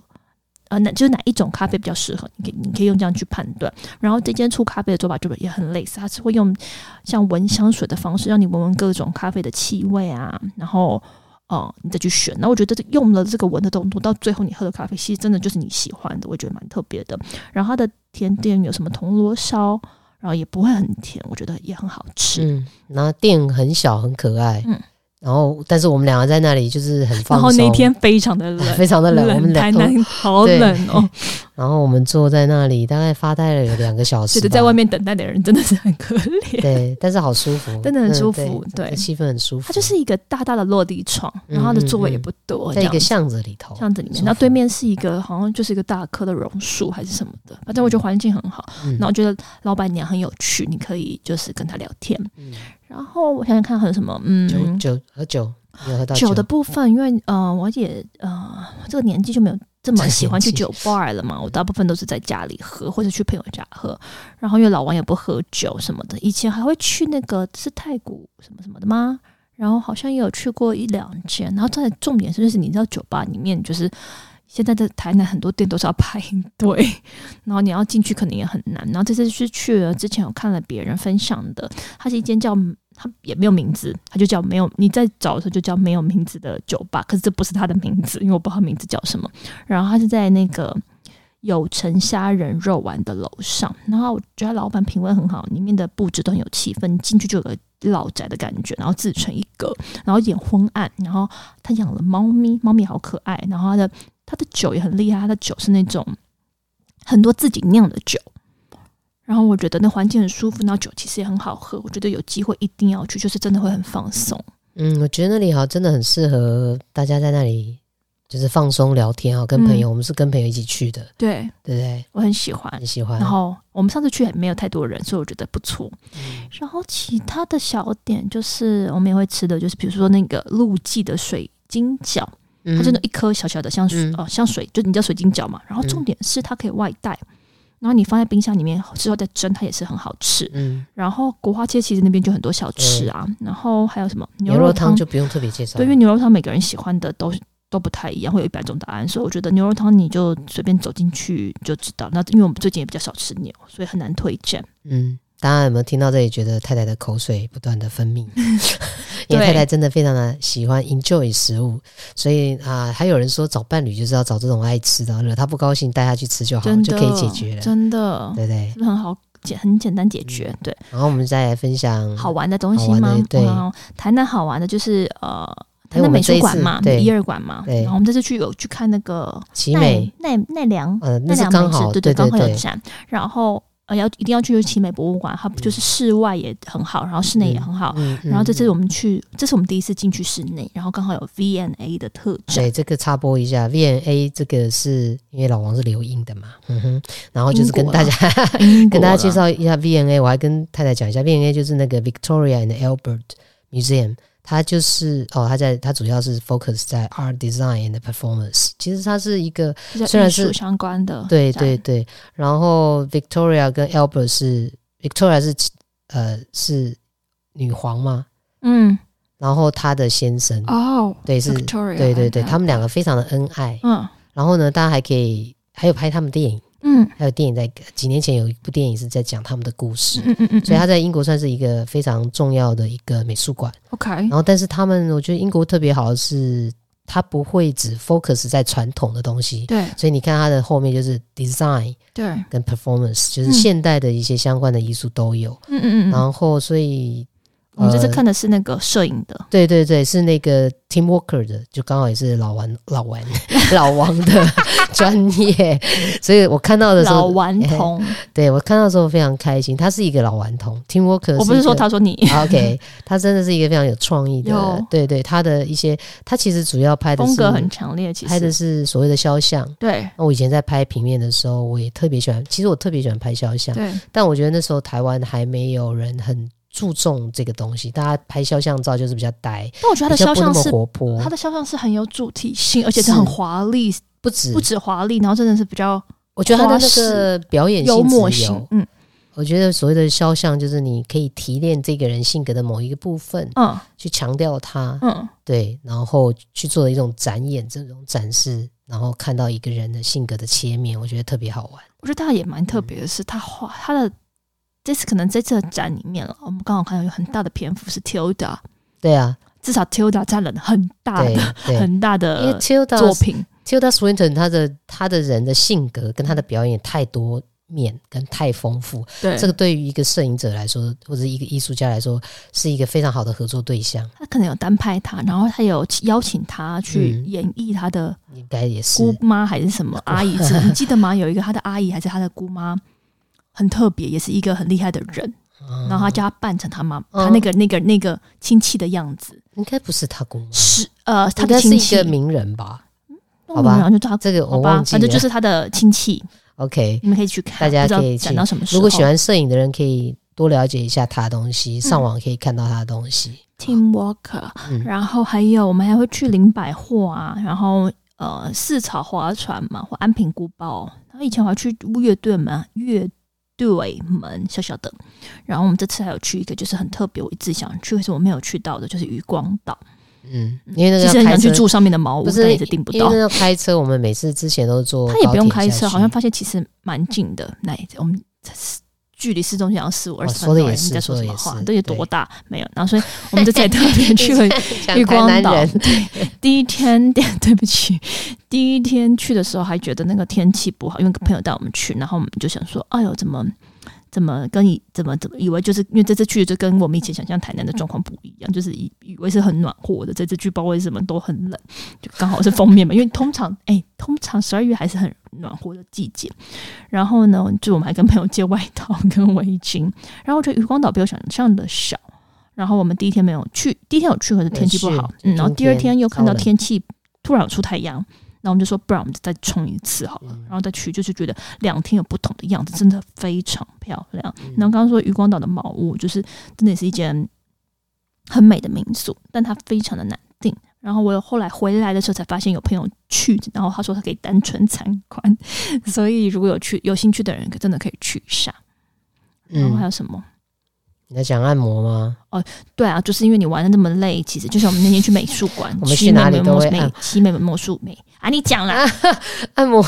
呃，那就是哪一種咖啡比較適合？你可以你可以用這樣去判斷。然後這間厝咖啡的做法就也很類似，它是會用像聞香水的方式，讓你聞聞各種咖啡的氣味啊，然後哦，呃，你再去選。那我覺得用了這個聞的動作，到最後你喝的咖啡其實真的就是你喜歡的，我覺得蠻特別的。然後它的甜點有什麼銅鑼燒，然後也不會很甜，我覺得也很好吃。嗯，那店很小很可愛。嗯。然後，但是我們兩個在那裡就是很放鬆，然後那天非常的冷，非常的冷。我們兩，台南好冷哦。然後我們坐在那裡，大概發呆了兩個小時。對，在外面等待的人真的是很可憐。對，但是好舒服，真的很舒服。對，氣氛很舒服。它就是一個大大的落地窗，然後它的座位也不多，在一個巷子裡頭，巷子裡面。然後對面是一個好像就是一個大棵的榕樹還是什麼的，反正我覺得環境很好。然後覺得老闆娘很有趣，你可以就是跟她聊天。然後我想想看還有什麼，嗯，酒酒、喝酒，喝酒，酒的部分，因為呃，我也呃，這個年紀就沒有這麼喜歡去酒吧了嘛。我大部分都是在家裡喝，或者去朋友家喝。然後因為老王也不喝酒什麼的，以前還會去那個是太古什麼什麼的嘛。然後好像也有去過一兩間。然後它的重點是，就是你知道酒吧裡面，就是現在在台南很多店都是要排隊，然後你要進去可能也很難。然後這次是去了之前有看了別人分享的，它是一間叫。他也沒有名字，他就叫沒有。你在找的時候就叫沒有名字的酒吧，可是這不是他的名字，因為我不知道他名字叫什麼。然後他是在那個有橙蝦仁肉丸的樓上，然後我覺得老板品味很好，裡面的布置都很有氣氛，進去就有個老宅的感覺，然後自成一格，然後有點昏暗，然後他養了貓咪，貓咪好可愛。然後他的他的酒也很厲害，他的酒是那種很多自己釀的酒。然後我覺得那環境很舒服，那酒其實也很好喝。我覺得有機會一定要去，就是真的會很放鬆。嗯，我覺得那裡哈真的很適合大家在那裡，就是放鬆聊天啊，跟朋友。嗯、我們是跟朋友一起去的，對對對，對對，我很喜歡很喜歡。然後我們上次去沒有太多人，所以我覺得不錯。嗯、然後其他的小點就是我們也會吃的，就是比如說那個祿記的水晶餃，嗯、它真的，一顆小小的像、嗯、哦像水，就你叫水晶餃嘛。然後重點是它可以外帶。嗯然後你放在冰箱裡面之後再蒸，它也是很好吃。嗯，然後國華街，其實那邊就很多小吃啊，對然後還有什麼牛肉，牛肉湯就不用特別介紹。對，因為牛肉湯每個人喜歡的都都不太一樣，會有一百種答案。所以我覺得牛肉湯你就隨便走進去就知道。那因為我們最近也比較少吃牛，所以很難推薦。嗯。大家有沒有聽到這裡，覺得太太的口水不斷的分泌，因為太太真的非常的喜歡 enjoy 食物，所以啊，還有人說找伴侶就是要找這種愛吃的，惹他不高興帶他去吃就好，就可以解決了，真的，對不對？是不是很好解？很簡單解決。對，然後我們再來分享好玩的東西嗎？對，台南好玩的就是呃，台南美術館嘛，美二館嘛。對，然後我們這次去有去看那個奇美奈奈良，呃，那是剛好對對對對，然後。呃，要一定要去就是奇美博物館，嗯、它不就是室外也很好，然後室內也很好。嗯嗯嗯、然後這次我們去，這是我們第一次進去室內，然後剛好有 VNA 的特展。對、哎，這個插播一下，VNA 這個是因為老王是留英的嘛，嗯哼，然後就是跟大家 (laughs) 跟大家介紹一下 VNA，我還跟太太講一下，VNA 就是那個 Victoria and Albert Museum。他就是哦，他在他主要是 focus 在 art design and the performance，其實他是一個屬雖然是相關的，對對對。樣然後 Victoria 跟 Albert 是 Victoria 是呃是女皇嘛，嗯，然後她的先生哦，對是 Victoria，對對對，okay. 他們兩個非常的恩愛，嗯，然後呢，大家還可以還有拍他們電影。嗯，還有電影在幾年前有一部電影是在講他們的故事，嗯,嗯嗯嗯，所以他在英國算是一個非常重要的一個美術館，OK。然後，但是他們我覺得英國特別好的是，它不會只 focus 在傳統的東西，對，所以你看它的後面就是 design，對，跟 performance 就是現代的一些相關的藝術都有，嗯,嗯嗯，然後所以。我們這次看的是那個攝影的、呃，對對對，是那個 Team Worker 的，就剛好也是老玩老玩老王的專業， (laughs) 所以我看到的時候，老頑童，欸、對，我看到的時候非常開心。他是一個老頑童，Team Worker，我不是說他說你 OK，他真的是一個非常有創意的， (laughs) 對，對對，他的一些，他其實主要拍的是風格很強烈其實，拍的是所謂的肖像。對，那我以前在拍平面的時候，我也特別喜歡，其實我特別喜歡拍肖像，對，但我覺得那時候台灣還沒有人很。注重這個東西，大家拍肖像照就是比較呆。但我覺得他的肖像是活潑，他的肖像是很有主體性，而且是很華麗，不止不止華麗，然後真的是比較，我覺得他的那個表演幽默性，嗯，我覺得所謂的肖像就是你可以提煉這個人性格的某一個部分，嗯，去強調他，嗯，對，然後去做一種展演，這種展示，然後看到一個人的性格的切面，我覺得特別好玩。我覺得他也蠻特別的是，嗯、他畫他的。這次可能在這展裡面了。我們剛好看到有很大的篇幅是 Tilda。對啊,至少 Tilda 占了很大的、很大的。因為 Tilda 作品，Tilda Swinton 他的他的人的性格跟他的表演太多面跟太豐富。對,這個對於一個攝影者來說，或者一個藝術家來說，是一個非常好的合作對象。他可能有單拍他，然後他有邀請他去演繹他的、嗯，應該也是姑媽還是什麼媽阿姨？你記得嗎？ (laughs) 有一個他的阿姨還是他的姑媽。很特別，也是一個很厲害的人。然後他叫他扮成他媽，他那個那個那個親戚的樣子，應該不是他姑媽，是呃他的親戚，一個名人吧？好吧，然後就他這個，好吧，反正就是他的親戚。OK，你們可以去看，大家可以講到什麼？如果喜歡攝影的人，可以多了解一下他的東西，上網可以看到他的東西。Tim Walker，然後還有我們還會去林百貨啊，然後呃，四草划船嘛，或安平古堡，然後以前我還會去樂隊嘛，樂隊。對門小小的，然後我們這次還有去一個就是很特別，我一直想去，為什麼我沒有去到的，就是漁光島。嗯，因為那其實很想去住上面的茅屋，不是但一直訂不到。因為開車，我們每次之前都坐，他也不用開車，好像發現其實蠻近的。那一次，我們這距離市中心好像十五二十分鐘，的是你在說什麼話、啊？說的是都有多大沒有？然後所以我們就在特地去了漁光島。 (laughs) 對，第一天點對不起，第一天去的時候還覺得那個天氣不好，因為朋友帶我們去，然後我們就想說：“哎呦，怎麼？”怎麼跟你怎麼怎麼以為就是因為這次去就跟我們以前想象台南的狀況不一樣，就是以以為是很暖和的，這次去包括為什麼都很冷？就剛好是封面嘛，因為通常誒、欸，通常十二月還是很暖和的季節。然後呢，就我們還跟朋友借外套跟圍巾。然後就漁光島比我想象的小。然後我們第一天沒有去，第一天有去可是天氣不好。沒事，嗯，今天然後第二天又看到天氣超冷，突然出太陽。那我們就說，不然我們就再衝一次好了，然後再去，就是覺得兩天有不同的樣子，真的非常漂亮。嗯、然後剛剛說漁光島的茅屋，就是真的也是一間很美的民宿，但它非常的難訂。然後我後來回來的時候才發現，有朋友去，然後他說他可以單純參觀，所以如果有去有興趣的人，可真的可以去一下。然後還有什麼？嗯、你在講按摩嗎？哦，對啊，就是因為你玩的那麼累，其實就像我們那天去美術館，我們去哪裡都會按七妹妹魔術美啊。你講啦、啊，按摩，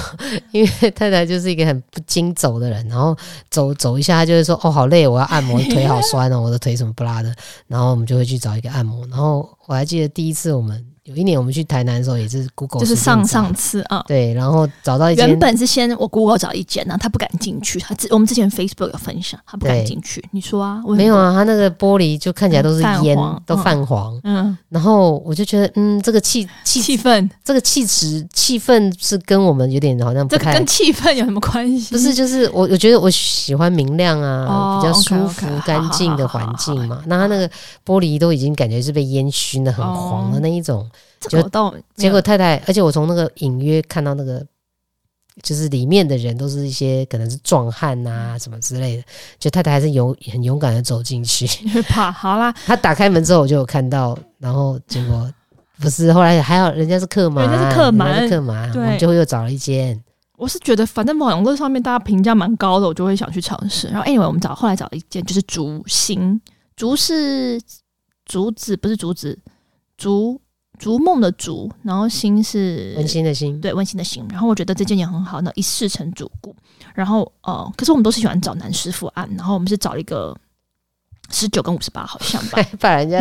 因為太太就是一個很不經走的人，然後走走一下，她就會說哦好累，我要按摩，腿好酸哦， (laughs) 我的腿怎麼不拉的？然後我們就會去找一個按摩。然後我還記得第一次我們有一年我們去台南的時候，也是 Google 就是上上次啊，哦、對，然後找到一間，原本是先我 Google 找一間後、啊、他不敢進去，她之我們之前 Facebook 有分享，他不敢進去。對你說啊，沒有啊，他那個玻璃就。看起來都是煙，都泛黃。嗯，然後我就覺得，嗯，這個氣氣氛，這個氣質氣氛是跟我們有點好像。不太。這個跟氣氛有什麼關係？不是，就是我我覺得我喜歡明亮啊，比較舒服、乾淨的環境嘛。那他那個玻璃都已經感覺是被煙熏得很黃的那一種，就結果太太，而且我從那個隱約看到那個。就是裡面的人都是一些可能是壯漢吶什麼之類的，就太太還是勇很勇敢的走進去，怕 (laughs) 好啦。他打開門之後我就有看到，然後結果 (laughs) 不是後來還好，人家是客滿，人家是客滿，客滿，對我們最後又找了一間。我是覺得反正網絡上面大家評價蠻高的，我就會想去嘗試。然後 Anyway，我們找後來找了一間就是竹心，竹是竹子，不是竹子，竹。逐夢的逐，然後心是溫馨的心，對，溫馨的心。然後我覺得這件也很好，那一試成主顧。然後哦、呃，可是我們都是喜歡找男師傅按，然後我們是找一個十九跟五十八，好像吧，把人家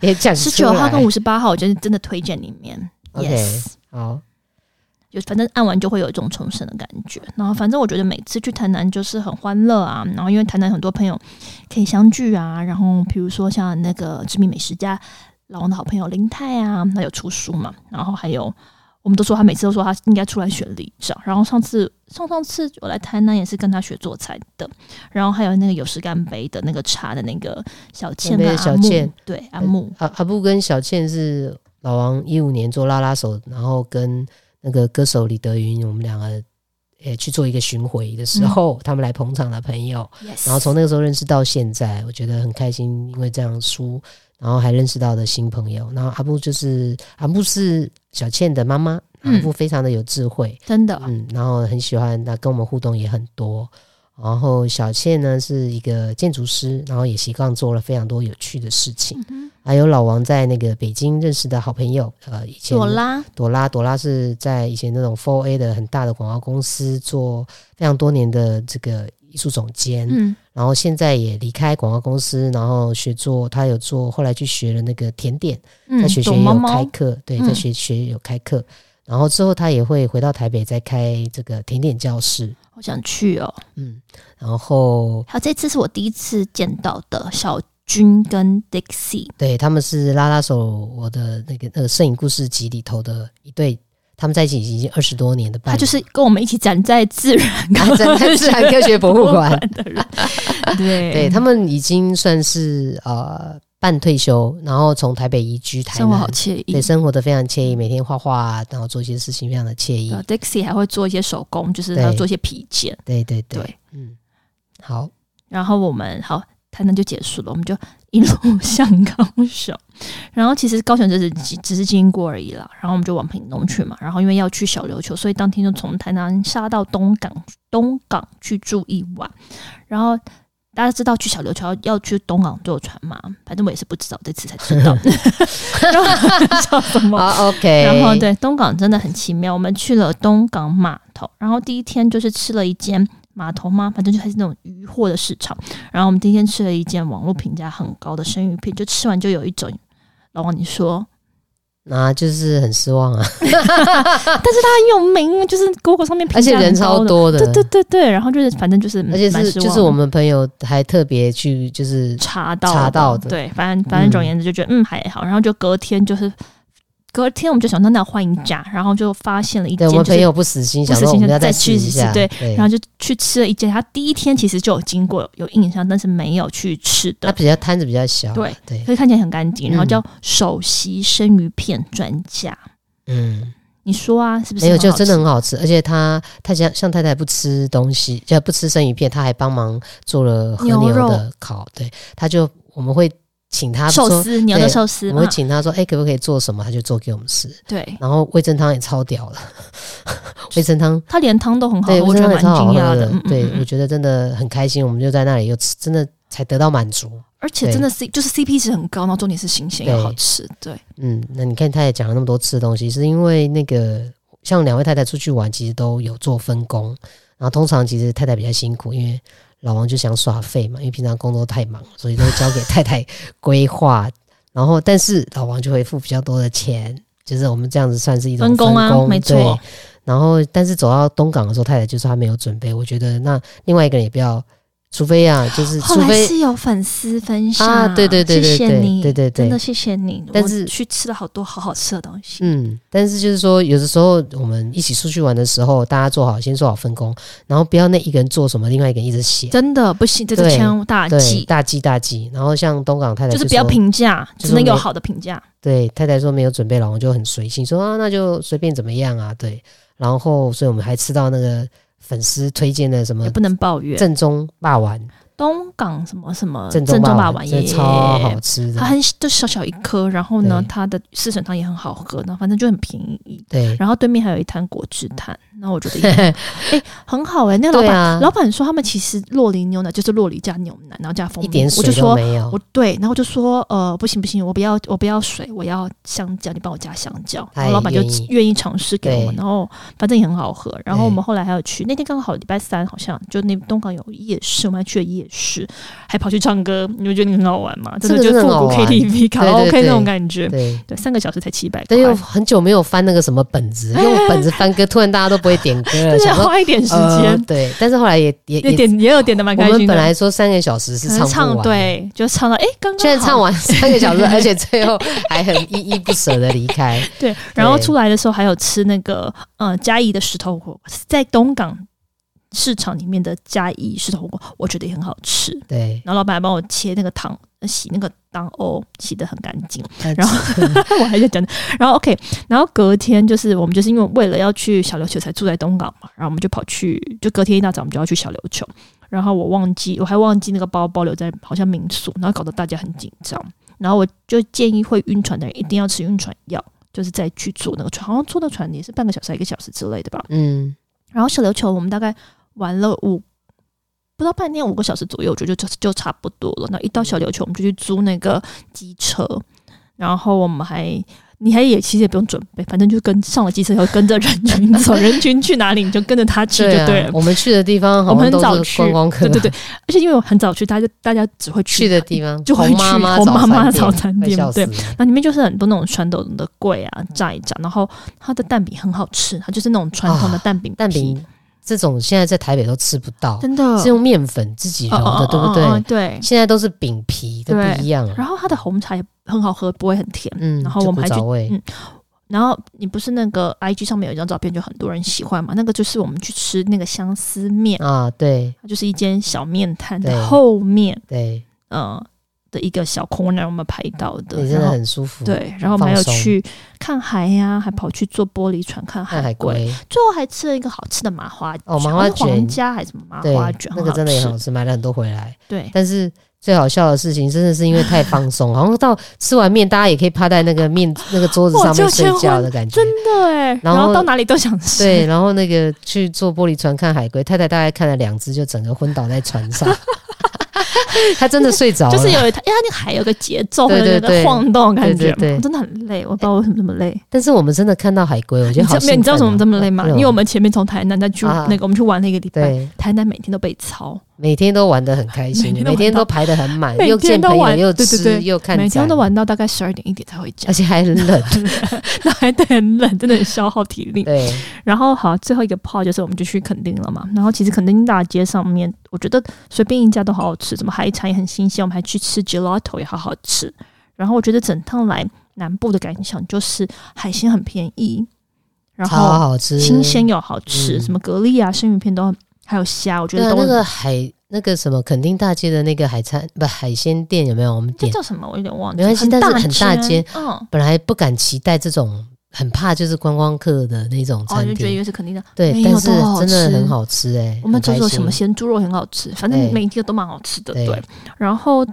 也講十九號跟五十八號。我覺得真的推薦裡面。Okay, yes，好，就反正按完就會有一種重生的感覺。然後反正我覺得每次去台南就是很歡樂啊，然後因為台南很多朋友可以相聚啊，然後比如說像那個知名美食家。老王的好朋友林泰啊，他有出書嘛，然後還有，我們都說他每次都說他應該出來選理想。然後上次，上上次我來台南也是跟他學做菜的。然後還有那個有事乾杯的那個茶的那個小倩跟的小倩對阿木、嗯啊、阿阿木跟小倩是老王一五年做拉拉手，然後跟那個歌手李德云，我們兩個誒、欸、去做一個巡迴的時候，嗯、他們來捧場的朋友。嗯、然後從那個時候認識到現在，我覺得很開心，因為這樣書。然後還認識到的新朋友，然後阿布，就是阿布是小倩的媽媽，嗯、阿布非常的有智慧，真的，哦，嗯，然後很喜歡，她跟我們互動也很多。然後小倩呢是一個建築師，然後也習慣做了非常多有趣的事情。嗯、哼還有老王在那個北京認識的好朋友，呃，以前朵拉，朵拉，朵拉是在以前那種 Four A 的很大的廣告公司做非常多年的這個藝術總監，嗯。然後現在也離開廣告公司，然後學做，他有做，後來去學了那個甜點，嗯、在學學有開課，嗯、對，在學學有開課，嗯、然後之後他也會回到台北再開這個甜點教室，好想去哦。嗯，然後他這次是我第一次見到的小軍跟 Dixie，對，他們是拉拉手，我的那個、那個、那個攝影故事集裡頭的一對。他們在一起已經二十多年的，他就是跟我們一起展在自然展、啊、在自然科學博物館 (laughs) 的人、啊， (laughs) 對，對，對他們已經算是呃半退休，然後從台北移居台南。生活好愜意，對生活的非常愜意，每天畫畫、啊，然後做一些事情，非常的愜意。呃、Dixie 還會做一些手工，就是要做一些皮件，對，對對對，對，嗯，好，然後我們好。台南就結束了，我們就一路向高雄。然後其實高雄就是只是經過而已啦。然後我們就往屏東去嘛。然後因為要去小琉球，所以當天就從台南下到東港，東港去住一晚。然後大家知道去小琉球要，要去東港坐船嘛？反正我也是不知道，這次才知道。什麼？OK。然後對東港真的很奇妙，我們去了東港碼頭。然後第一天就是吃了一間。碼頭嗎？反正就還是那種漁貨的市場，然後我們今天吃了一件網絡評價很高的生魚片，就吃完就有一種老王，你說，那、啊、就是很失望啊。 (laughs) (laughs) 但是它很有名，就是 Google 上面評價人超多的，對對對對。然後就是反正就是，而且是蠻失望就是我們朋友還特別去就是查到查到的，對，反正反正總而言之就覺得嗯，嗯還好。然後就隔天就是。隔天我們就想到那換一家，然後就發現了一家。我們朋友不死心，想，死心就再去一下。對，然後就去吃了一家。他第一天其實就有經過，有印象，但是沒有去吃的。他比較攤子比較小，對對，所以看起來很乾淨。然後叫守席生魚片專家嗯。嗯，你說啊，是不是沒有就真的很好吃？而且他他像像太太不吃東西，就不吃生魚片，他還幫忙做了和牛的烤。對，他就我們會。請他壽司，你要吃壽司。我們會請他說：“哎、欸，可不可以做什麼？”他就做給我們吃。對，然後味噌湯也超屌了 (laughs) 就，味噌湯他連湯都很好喝，對我覺得蠻驚訝的。的嗯嗯對，我覺得真的很開心，我們就在那裡又吃，真的才得到滿足。而且真的 C 對就是 CP 值很高，然後重點是新鮮又好吃。對，對嗯，那你看他也講了那麼多次的東西，是因為那個像兩位太太出去玩，其實都有做分工，然後通常其實太太比較辛苦，因為。老王就想耍廢嘛，因為平常工作太忙，所以都交給太太規劃。 (laughs) 然後，但是老王就會付比較多的錢，就是我們這樣子算是一種分工，工啊，對沒錯。然後，但是走到東港的時候，太太就說她沒有準備。我覺得那另外一個也不要。除非啊，就是後來是有粉絲分享啊，對對對，對，對，對，謝謝你，對，對對對，真的謝謝你。但是去吃了好多好好吃的東西，嗯，但是就是說，有的時候我們一起出去玩的時候，大家做好先做好分工，然後不要那一個人做什麼，另外一個人一直寫，真的不行，這個千萬大忌大忌大忌。然後像東港太太就，說就是不要評價，只、就、能、是、有好的評價。對，太太說沒有準備，老公就很隨性說啊，那就隨便怎麼樣啊，對。然後所以我們還吃到那個。粉絲推薦的什麼？也不能抱怨正宗霸王。東港什麼什麼正宗肉圓，也超好吃。它很就小小一顆，然後呢，它的四神湯也很好喝。然後反正就很便宜。對。然後對面還有一攤果汁攤，那我覺得哎很好哎。那老板老板說，他們其實酪梨牛奶就是酪梨加牛奶，然後加蜂蜜，一點水都沒有。我就說，我對，然後就說呃不行不行，我不要我不要水，我要香蕉，你幫我加香蕉。然後老板就願意嘗試給我們，然後反正也很好喝。然後我們後來還有去，那天剛好禮拜三，好像就那東港有夜市，我們還去了夜市。是，還跑去唱歌，你們覺得那個很好玩嗎？真的就復古 KTV 卡拉 OK 那種感覺，對，三個小時才七百，但又很久沒有翻那個什麼本子，用本子翻歌，突然大家都不會點歌了，是花一點時間，對。但是後來也也也也有點的蠻開心。我們本來說三個小時是唱唱，對，就唱到哎，剛剛現在唱完三個小時，而且最後還很依依不舍的離開，對。然後出來的時候還有吃那個嗯嘉義的石頭火，在東港。市場裡面的加一石頭火鍋，我覺得也很好吃。對，然後老闆還幫我切那個糖，洗那個當哦，洗得很乾淨。然後 (laughs) (laughs) 我還在講，然後 OK，然後隔天就是我們就是因為為了要去小琉球才住在東港嘛，然後我們就跑去，就隔天一大早我們就要去小琉球。然後我忘記我還忘記那個包包留在好像民宿，然後搞得大家很緊張。然後我就建議會暈船的人一定要吃暈船藥，就是再去坐那個船，好像坐到船也是半個小時、一個小時之類的吧。嗯，然後小琉球我們大概。玩了五不到半天五個小時左右，我覺得就就差不多了。那一到小琉球，我們就去租那個機車，然後我們還你還也其實也不用準備，反正就跟上了機車以後跟着人群走， (laughs) 人群去哪裡你就跟着他去就對了，對，啊，我們去的地方好像我們很早去，觀光客啊，對對對，而且因為我很早去，大家大家只會去，去的地方就去。洪媽媽早餐店對，那裡面就是很多那種傳統的櫃啊炸一炸，然後它的蛋餅很好吃，它就是那種傳統的蛋餅，啊，蛋餅。這種現在在台北都吃不到，真的，是用麵粉自己揉的，哦哦哦哦哦，對不對？對，現在都是餅皮的，不一樣，對。然後它的紅茶也很好喝，不會很甜。嗯，然後我們還去，味，嗯，然後你不是那個 IG 上面有一張照片，就很多人喜歡嘛？那個就是我們去吃那個相思麵啊，對，就是一間小麵攤的後面，對，嗯。呃一個小空，o 我們拍到的，真的很舒服。對，然後還有去看海呀，啊，還跑去坐玻璃船看海龜，最後還吃了一個好吃的麻花捲，哦麻花捲，啊、全家還是什麼麻花捲，那個真的也好吃，買了很多回來。對，但是最好笑的事情，真的是因為太放鬆，然後到吃完面，大家也可以趴在那個面那個桌子上面睡覺的感覺，真的哎。然後到哪裡都想吃。對，然後那個去坐玻璃船看海龜，太太大概看了兩只，就整個昏倒在船上。 (laughs) (laughs) 他真的睡着了，就是有一，哎、欸，那還有個節奏個覺，會對對，對對，晃動感覺，真的很累，我不知道為什麼這麼累。欸、但是我們真的看到海龜，我覺得好、啊你。你知道為什麼這麼累嗎？啊、因為我們前面從台南再去、啊、那個，我們去玩那個地方，對台南每天都被操。每天都玩得很開心，每天，每天都排得很滿，又見朋友，又吃，又看，每天都玩到，都玩到大概十二點一點才回家。而且還很冷，那 (laughs) (laughs) 還得很冷，真的很消耗體力。對，然後好，最後一個 part 就是我們就去墾丁了嘛。然後其實墾丁大街上面，我覺得隨便一家都好好吃，什麼海產也很新鮮。我們還去吃 gelato 也好好吃。然後我覺得整趟來南部的感想就是海鮮很便宜，然後好吃，新鮮又好吃，嗯、什麼蛤蜊啊、生魚片都。還有蝦，我覺得、啊、那個海那個什麼，墾丁大街的那個海餐不海鮮店有沒有？我們點這叫什麼？我有點忘記。沒關係，但是很大間。嗯、本來不敢期待這種，很怕就是觀光客的那種餐廳，哦，就覺得也是墾丁的，對，有但是真的很好吃誒、欸。我們都說什麼鮮豬肉很好吃，反正每一個都蠻好吃的，欸、對，對。然後，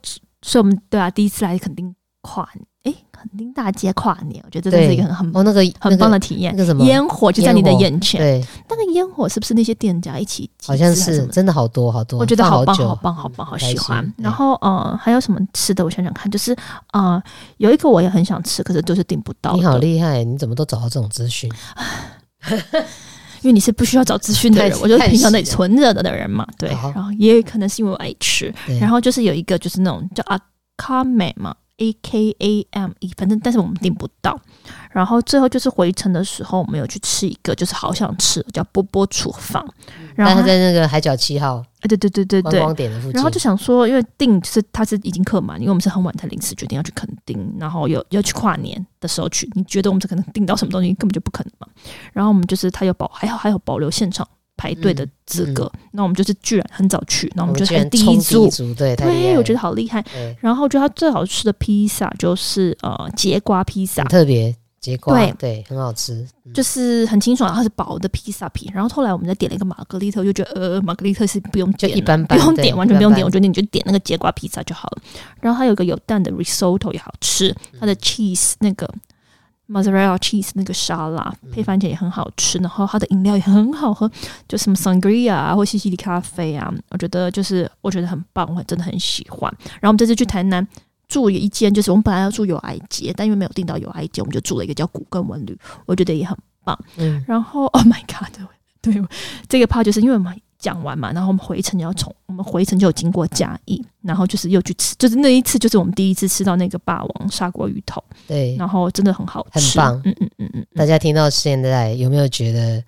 所以我們對啊，第一次來墾丁。跨哎，墾丁大街跨年，我覺得這是一個很很我那個很棒的體驗。煙火就在你的眼前，那個煙火是不是那些店家一起？好像是真的，好多好多，我覺得好棒，好棒，好棒，好喜歡。然後嗯，還有什麼吃的？我想想看，就是呃，有一個我也很想吃，可是就是訂不到。你好厲害，你怎麼都找到這種資訊？因為你是不需要找資訊的人，我覺得平常得存着的人嘛。對，然後也有可能是因為愛吃。然後就是有一個，就是那種叫阿卡美嘛。A K A M E，反正但是我們訂不到。然後最後就是回程的時候，我們有去吃一個，就是好想吃叫波波廚房。然後他在那個海角七號，哎，欸、對，對對對對對，觀光點的附近。然後就想說，因為訂、就是他是已經客滿，因為我們是很晚才臨時決定要去墾丁，然後有要去跨年的時候去，你覺得我們這可能訂到什麼東西根本就不可能嘛。然後我們就是他有保，還好還有保留現場，排隊的資格，那我們就是居然很早去，那我們就是第一組，對，我覺得好厲害。然後我覺得他最好吃的披薩就是呃，節瓜披薩，特別節瓜，對對，很好吃，就是很清爽，它是薄的披薩皮。然後後來我們再點了一個瑪格麗特，就覺得呃，瑪格麗特是不用點，一般般，不用點，完全不用點。我覺得你就點那個節瓜披薩就好了。然後還有個有蛋的 risotto 也好吃，它的 cheese 那個。馬蘇里拉 cheese 那個沙拉配番茄也很好吃，然後它的飲料也很好喝，就什麼 sangria 啊，或西西里咖啡啊，我覺得就是我覺得很棒，我真的很喜歡。然後我們這次去台南住了一間，就是我們本來要住友愛街，但因為沒有訂到友愛街，我們就住了一個叫古根文旅，我覺得也很棒。嗯，然後 Oh my God，對對，這個 part 就是因為我們。講完嘛，然後我們回程就要從我們回程就有經過嘉義，然後就是又去吃，就是那一次就是我們第一次吃到那個霸王砂鍋魚頭，對，然後真的很好吃，很棒，嗯嗯嗯嗯，大家聽到現在有沒有覺得？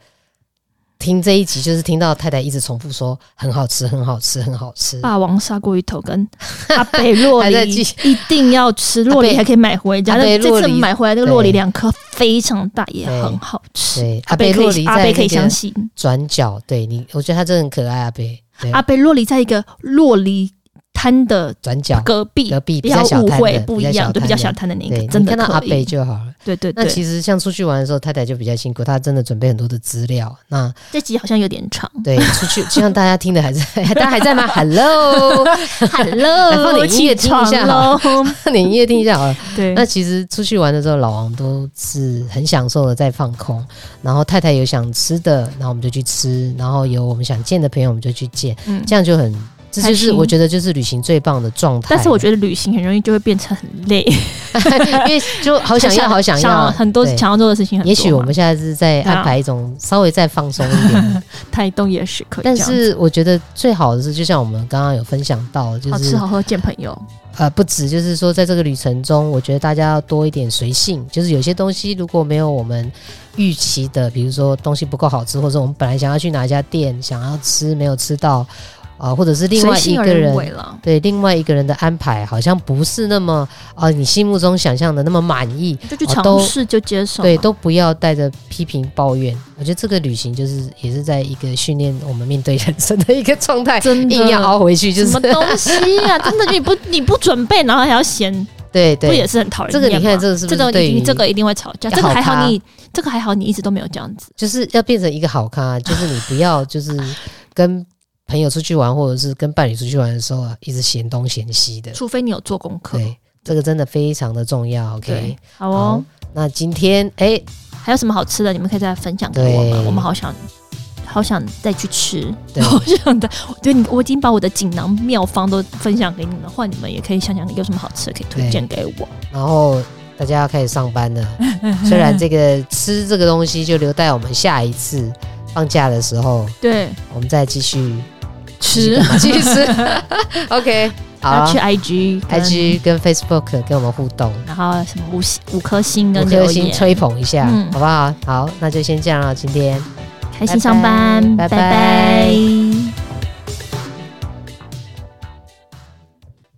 聽這一集，就是聽到太太一直重複說很好吃，很好吃，很好吃。霸王砂鍋魚頭跟阿貝洛里一定要吃洛里。 (laughs) 還伯還可以買回來。伯這次買回來那個洛里兩顆非常大，也很好吃。阿貝洛里，阿貝可可以可以相信。轉角對你，我覺得他真的很可愛。阿貝，對阿貝洛里在一個洛里。攤的轉角，隔壁隔壁比較小攤的，不一樣，比較小攤的那個，真的看到阿伯就好了。對對，那其實像出去玩的時候，太太就比較辛苦，她真的準備很多的資料。那這集好像有點長。對，出去，希望大家聽的還在，大家還在嗎？Hello，Hello，放點音樂聽一下，放點音樂聽一下好了。對，那其實出去玩的時候，老王都是很享受的在放空，然後太太有想吃的，然後我們就去吃，然後有我們想見的朋友，我們就去見，這樣就很。這就是我覺得就是旅行最棒的狀態，但是我覺得旅行很容易就會變成很累， (laughs) 因為就好想要好想要，想要很多對 想要做的事情。也許我們現在是在安排一種稍微再放鬆一點的態動也是可以，但是我覺得最好的是，就像我們剛剛有分享到，就是好吃好喝見朋友，呃，不止就是說在這個旅程中，我覺得大家要多一點隨性，就是有些東西如果沒有我們預期的，比如說東西不夠好吃，或者我們本來想要去哪一家店想要吃沒有吃到。啊，或者是另外一個人，對另外一個人的安排，好像不是那麼啊，你心目中想象的那麼滿意，就去嘗試，就接受，對，都不要帶着批評抱怨。我覺得這個旅行就是也是在一個訓練我們面對人生的一個狀態，真硬要熬回去就是什麼東西啊！真的你不你不準備，然後還要嫌，對對，不也是很討人厭嗎？這個你看，這個是不是，這個一定會吵架，這個還好你這個還好你一直都沒有這樣子，就是要變成一個好咖啊，就是你不要就是跟。朋友出去玩，或者是跟伴侶出去玩的時候，啊，一直嫌東嫌西的。除非你有做功課，對，這個真的非常的重要。OK，, okay 好哦好。那今天哎，欸、還有什麼好吃的？你們可以再分享給我嗎，對我們好想好想再去吃，對好想再。對你，我已經把我的錦囊妙方都分享給你們，換你們也可以想想有什麼好吃的可以推薦給我。然後大家要開始上班了， (laughs) 雖然這個吃這個東西就留待我們下一次放假的時候，對，我們再繼續。其實 (laughs) (laughs) ，OK，要、啊、去 IG、嗯、IG 跟 Facebook 跟我們互動，然後什麼五星五顆星跟我們吹捧一下，嗯、好不好？好，那就先這樣了，今天開心上班，拜拜。拜拜拜拜。